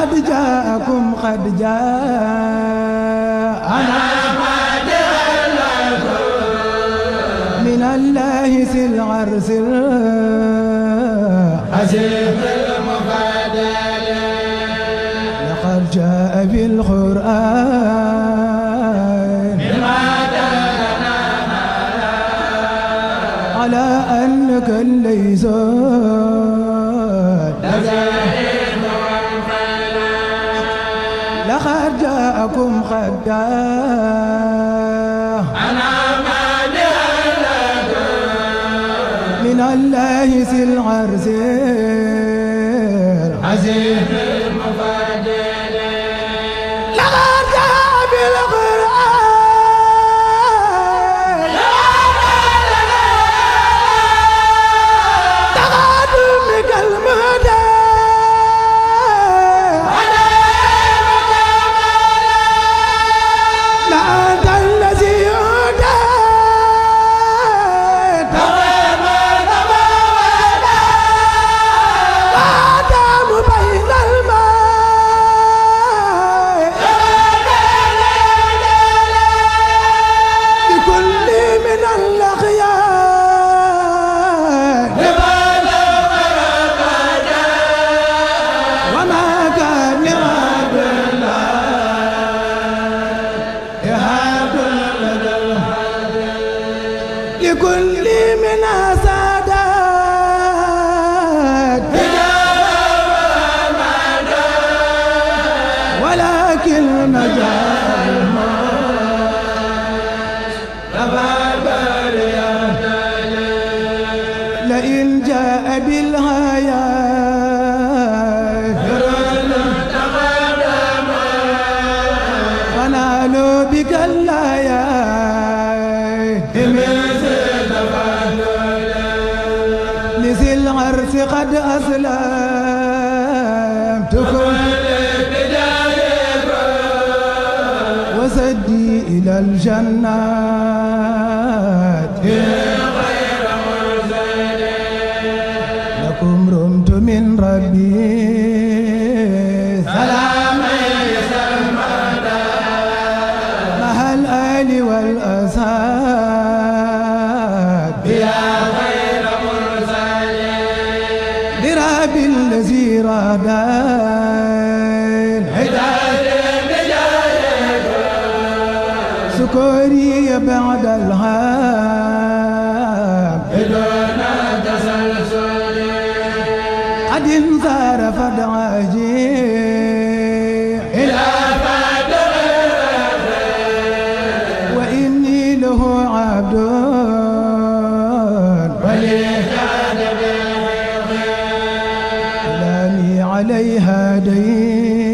قد جاءكم قد جاء أنا من الله سي العرس عزيز المفادل لقد جاء بالقرآن بما دلنا على أنك ليس معكم خداه أنا مانع لنا من الله ذي العرش عزيز fi qad aslamtukum wa saddi ila aljanna عليها دين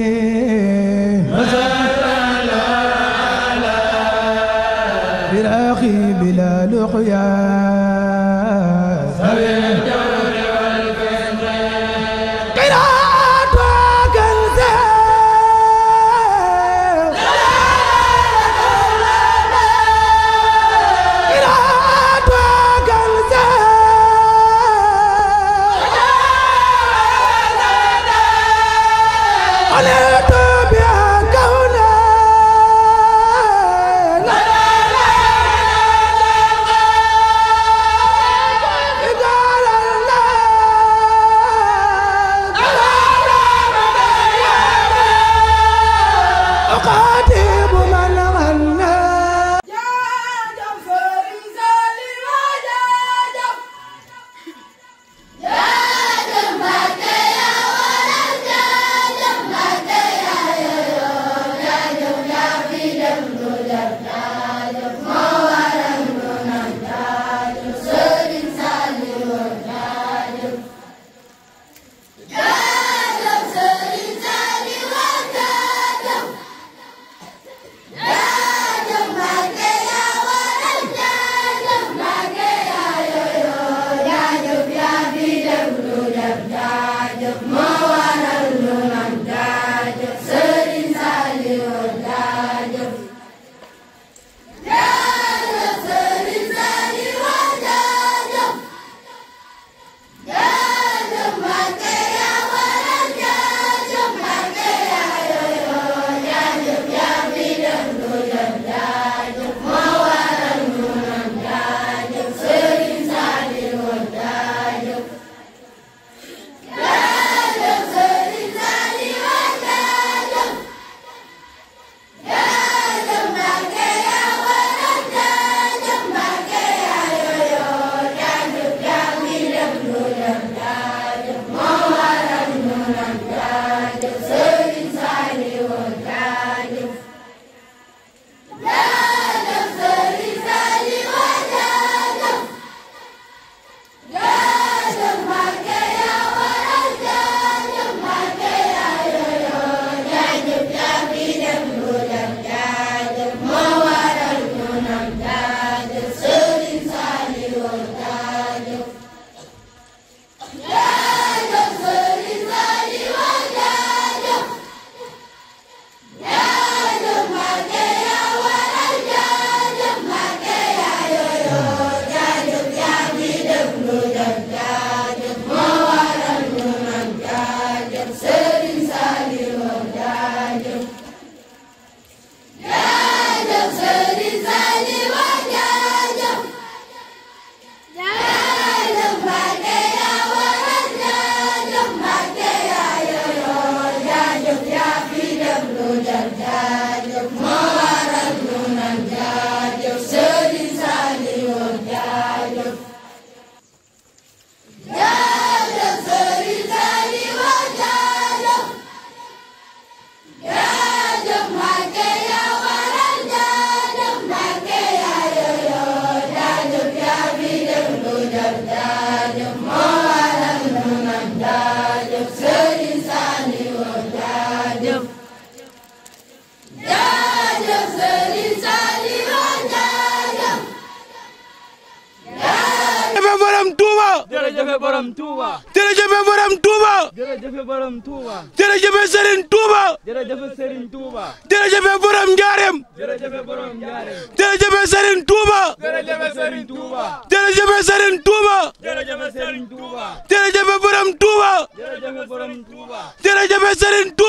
borom Touba. jërëjëfe borom Touba. jërëjëfe borom Touba. jërëjëfe Serigne Touba. jërëjëfe Serigne Touba. jërëjëfe borom Ndiarème. jërëjëfe borom Ndiarème. jërëjëfe Serigne Touba. jërëjëfe Serigne Touba. jërëjëfe Serigne Touba. jërëjëfe Serigne Touba. jërëjëfe borom Touba. jërëjëfe borom Touba. jërëjëfe Serigne Touba.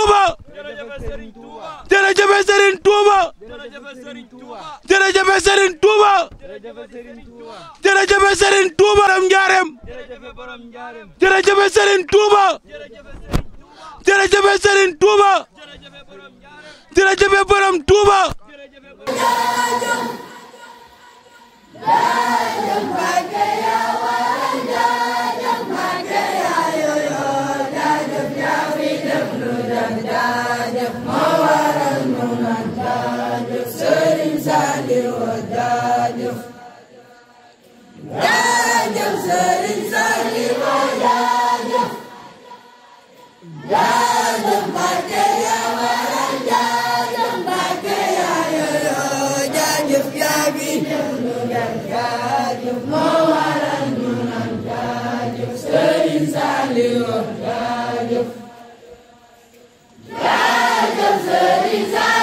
Holy Zion.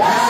Yeah.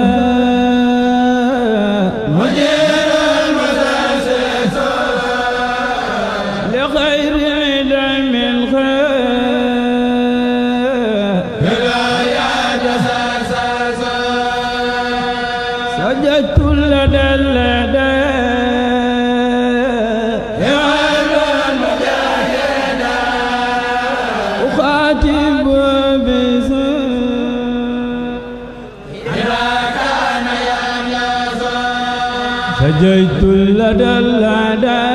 نجيت لدى الأعداء